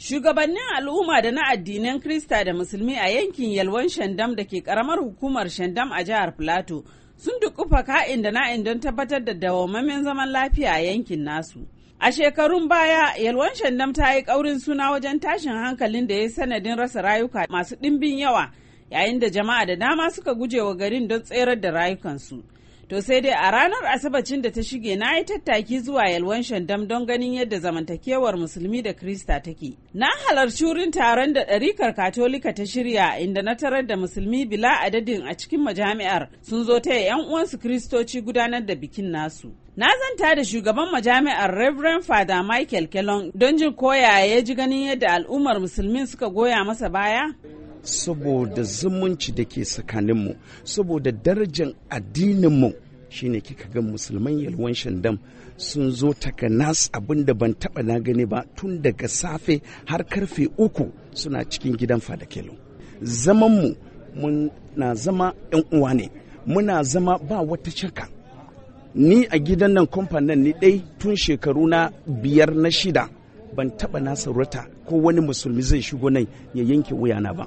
Shugabannin al'umma da na addinan Krista da Musulmi a yankin Yalwan Shandam da ke karamar hukumar Shandam a jihar Filato sun dukufa ka'in da na'in don tabbatar da dawwammamen zaman lafiya a yankin nasu. A shekarun baya, Yalwan Shandam ta yi ƙaurin suna wajen tashin hankalin da ya sanadin rasa rayuka masu ɗimbin yawa yayin da jama'a da dama suka guje wa garin don tserar da rayukansu. To sai dai a ranar Asabacin da ta shige na yi tattaki zuwa yalwan shandam don ganin yadda zamantakewar musulmi da Krista take. Na halarci wurin taron da ɗarikar Katolika ta shirya inda na tarar da musulmi bila adadin a cikin majami'ar sun zo ta 'yan uwansu Kristoci gudanar da bikin nasu. Na zanta da shugaban majami'ar Reverend Father Michael Kellon don jin koya ya ji ganin yadda al'ummar musulmin suka goya masa baya. saboda zumunci da ke tsakaninmu saboda darajar addininmu shine kika ga musulman yalwan shandam sun zo takanas abin da ban taba na gani ba tun daga safe har karfe uku suna cikin gidan fada kelo. zamanmu muna zama yan uwa ne muna zama ba wata shakka ni a gidan nan kamfanin ni dai tun shekaru na biyar na shida ban taba nasaurata ko wani musulmi zai shigo nan ya yanke wuyana ba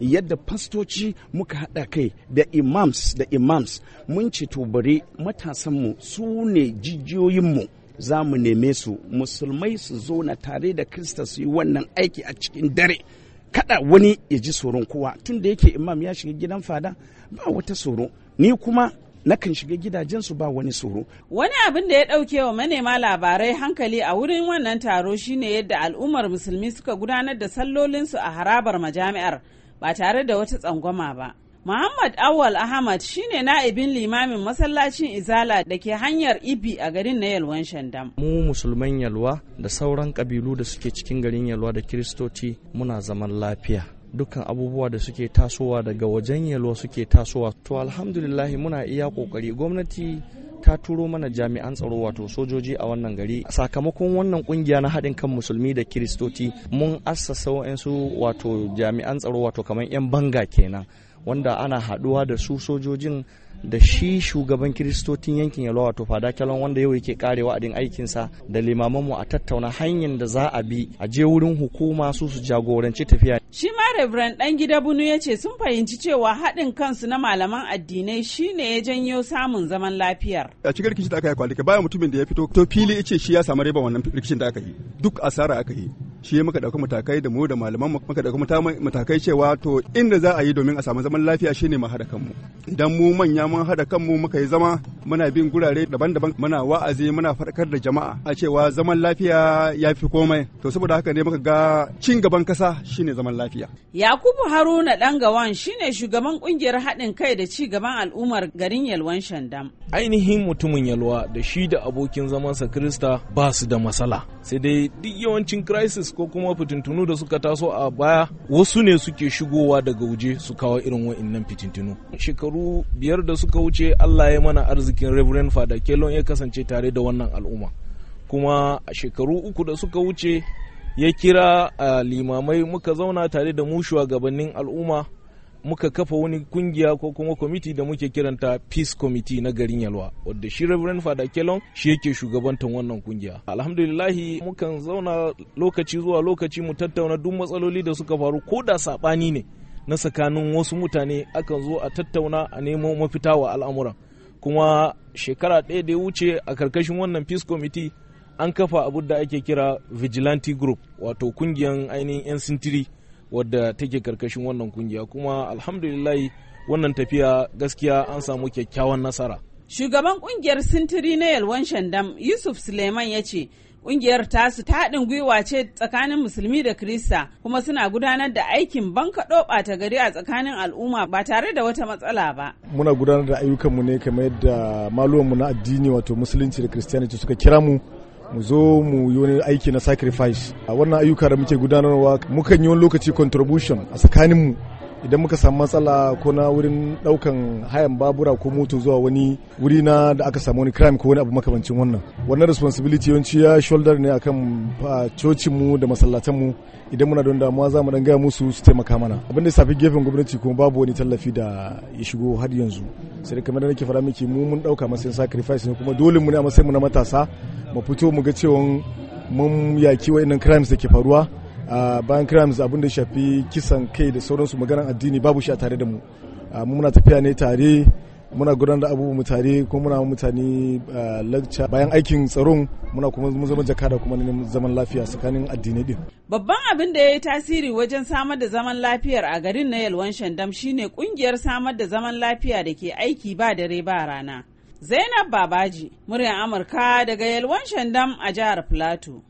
yadda fastoci muka haɗa kai da imams da imams mun ce tubare matasanmu su ne jijiyoyinmu za mu neme su musulmai su zo na tare da krista su yi wannan aiki a cikin dare kada wani ya ji tsoron kowa tun da yake imam ya shiga gidan fada ba wata tsoro ni kuma nakan shiga gidajensu ba wani tsoro. Wani abin da ya ɗauke wa manema labarai hankali a wurin wannan taro shine yadda al'ummar musulmi suka gudanar da sallolinsu a harabar majami'ar. ba tare da wata tsangwama ba. Muhammad Awal Ahmad shine na'ibin limamin masallacin Izala da ke hanyar Ibi a garin na Yalwan Shandam. Mu musulman Yalwa da sauran kabilu da suke cikin garin Yalwa da Kiristoci muna zaman lafiya. Dukkan abubuwa da suke tasowa daga wajen Yalwa suke tasowa. To alhamdulillahi muna iya kokari gwamnati ta turo mana jami'an tsaro wato sojoji a wannan gari sakamakon wannan kungiya na haɗin kan musulmi da kiristoci mun assasa wa'ansu wato jami'an tsaro wato kamar 'yan banga kenan wanda ana haɗuwa da su sojojin da shi shugaban kiristocin yankin ya wato fada kyalon wanda yau yake kare wa'adin aikinsa da limamanmu a tattauna hanyar da za a bi a je wurin hukuma su su jagoranci tafiya. shi ma rebran dan gida bunu ya ce sun fahimci cewa haɗin kansu na malaman addinai shine ya janyo samun zaman lafiyar. a cikin rikicin da aka yi kwalika bayan mutumin da ya fito to fili ya ce shi ya samu riba wannan rikicin da aka yi duk asara aka yi shi muka dauka matakai da mu da malaman muka dauka matakai cewa to inda za a yi domin a samu zaman lafiya shine mu hada kanmu idan mu manya mun hada kanmu muka yi zama muna bin gurare daban-daban muna wa'azi muna faɗakar da jama'a a cewa zaman lafiya ya fi komai to saboda haka ne muka ga cin gaban kasa shine zaman lafiya Yakubu Haruna dan gawan shine shugaban kungiyar haɗin kai da ci gaban al'ummar garin Yalwan Shandam ainihin mutumin Yalwa da shi da abokin zamansa Krista ba su da matsala sai dai duk yawancin crisis ko kuma fitintunu da suka taso a baya wasu ne suke shigowa daga waje su kawo irin wa'innan fitintunu shekaru biyar da suka wuce allah ya mana arzikin reverend fada kelon ya kasance tare da wannan al'umma kuma a shekaru uku da suka wuce ya kira a limamai muka zauna tare da mu shugabannin al'umma muka kafa wani kungiya ko kuma kwamiti da muke kiranta peace committee na garin yalwa wadda shi reverend fada kelon shi yake shugabantan wannan kungiya alhamdulillahi mukan zauna lokaci zuwa lokaci mu tattauna duk matsaloli da suka faru ko da sabani ne na tsakanin wasu mutane akan zo a tattauna a nemo mafita wa al'amuran kuma shekara ɗaya da ya wuce a karkashin wannan peace committee an kafa abu da ake kira vigilante group wato kungiyan ainihin 'yan sintiri wadda take karkashin wannan kungiya kuma alhamdulillah wannan tafiya gaskiya an samu kyakkyawan nasara shugaban kungiyar sintiri na yalwan shandam yusuf suleiman ya ce kungiyar tasu ta haɗin gwiwa ce tsakanin musulmi da krista kuma suna gudanar da aikin bankaɗo ta gari a tsakanin al'umma ba tare da wata matsala ba. Muna gudanar da ayyukanmu ne kamar yadda maluwanmu na addini wato musulunci da Kiristiyaniti suka kira mu mu zo mu yi wani aiki na sacrifice a wannan ayyuka da muke gudanarwa mukan yi wani lokaci contribution a tsakaninmu idan muka samu matsala ko na wurin daukan hayan babura ko moto zuwa wani wuri na da aka samu wani crime ko wani abu makamancin wannan wannan responsibility yawanci ya shoulder ne akan cocin mu da masallatan mu idan muna don damuwa za mu dan gaya musu su taimaka mana abin da safi gefen gwamnati kuma babu wani tallafi da ya shigo har yanzu sai kamar da nake fara miki mu mun dauka masa sacrifice ne kuma dole mu ne a matsayin mu na matasa mu fito mu ga cewa mun yaki wa'annan crimes da ke faruwa bayan crimes abin da shafi kisan kai da sauransu maganar addini babu shi a tare da mu muna tafiya ne tare muna gudanar da abubuwan mu tare kuma muna mutane lakca bayan aikin tsaron muna kuma mun zama jakada kuma ne zaman lafiya tsakanin addinai din babban abin da ya yi tasiri wajen samar da zaman lafiyar a garin na yalwan shandam shine kungiyar samar da zaman lafiya da ke aiki ba dare ba rana zainab babaji muryar amurka daga yalwan shandam a jihar plateau